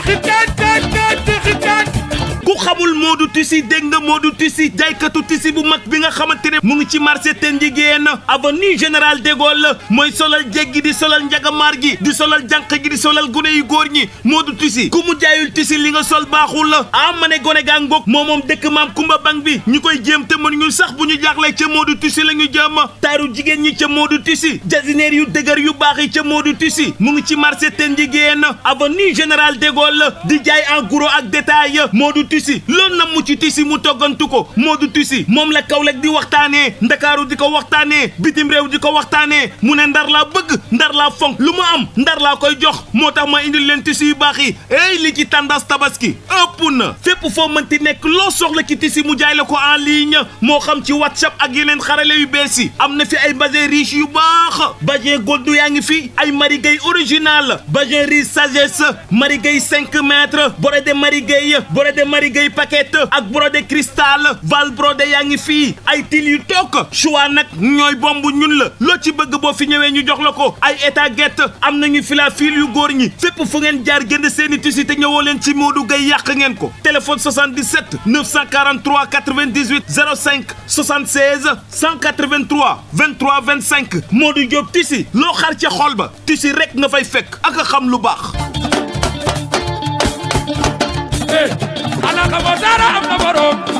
deje xamul Modou Tissu dégg nga Modou Tissu jaaykatu tissu bu mag bi nga xamante ne mu ngi ci marché ten jigéen avenue général de Gaulle mooy solal jéggi di solal njagamaar gi di solal jànq gi di solal gune yu góor ñi Modou Tissu ku mu jaayul tissu li nga sol baaxul la ah, ma ne gone gaa moo moom dëkk maam Kumba Bang bi ñu koy jéem te mënuñu sax bu ñu jaaxlee ca Modou la ñu jëm taaru jigéen ñi ca Modou Tissu jasineer yu dëgër yu baax yi ca Modou Tissu mu ngi ci marché ten jigéen avenue général de Gaulle di jaay en gros ak détail Modou Tissu tissu loolu na mu ci tissu mu toggantu ko moodu tissu moom la Kaolack di waxtaanee ndakaaru di ko waxtaanee bitim réew di ko waxtaanee mu ne ndar laa bëgg ndar laa fonk lu ma am ndar laa koy jox moo tax ma indil leen tissu yu baax yi ey li ci tendance tabaski ëpp na fépp foo mënti nekk loo soxla ci tissu mu jaay la ko en ligne moo xam ci whatsapp ak yeneen xarale yu bees yi am na fi ay bazin riche yu baax bazin gold yaa ngi fi ay marigay original bazin riche sagesse marigay cinq mètres boré de marigay boré de marigay paquet ak brodé cristal val brodé yaa ngi fii ay til yu tok choix nak ñoy bombu ñun la lo ci bëgg bo fi ñëwé ñu jox la ay étaguette am nañu fila fil yu góor ñi fep fu ngeen jaar génn tissu ci ngeen ko téléphone 77 943 98 05 76 183 23 25 Modou job tissu lo xar ci xol ba tissu rek nga fay fekk ak xam lu baax na borom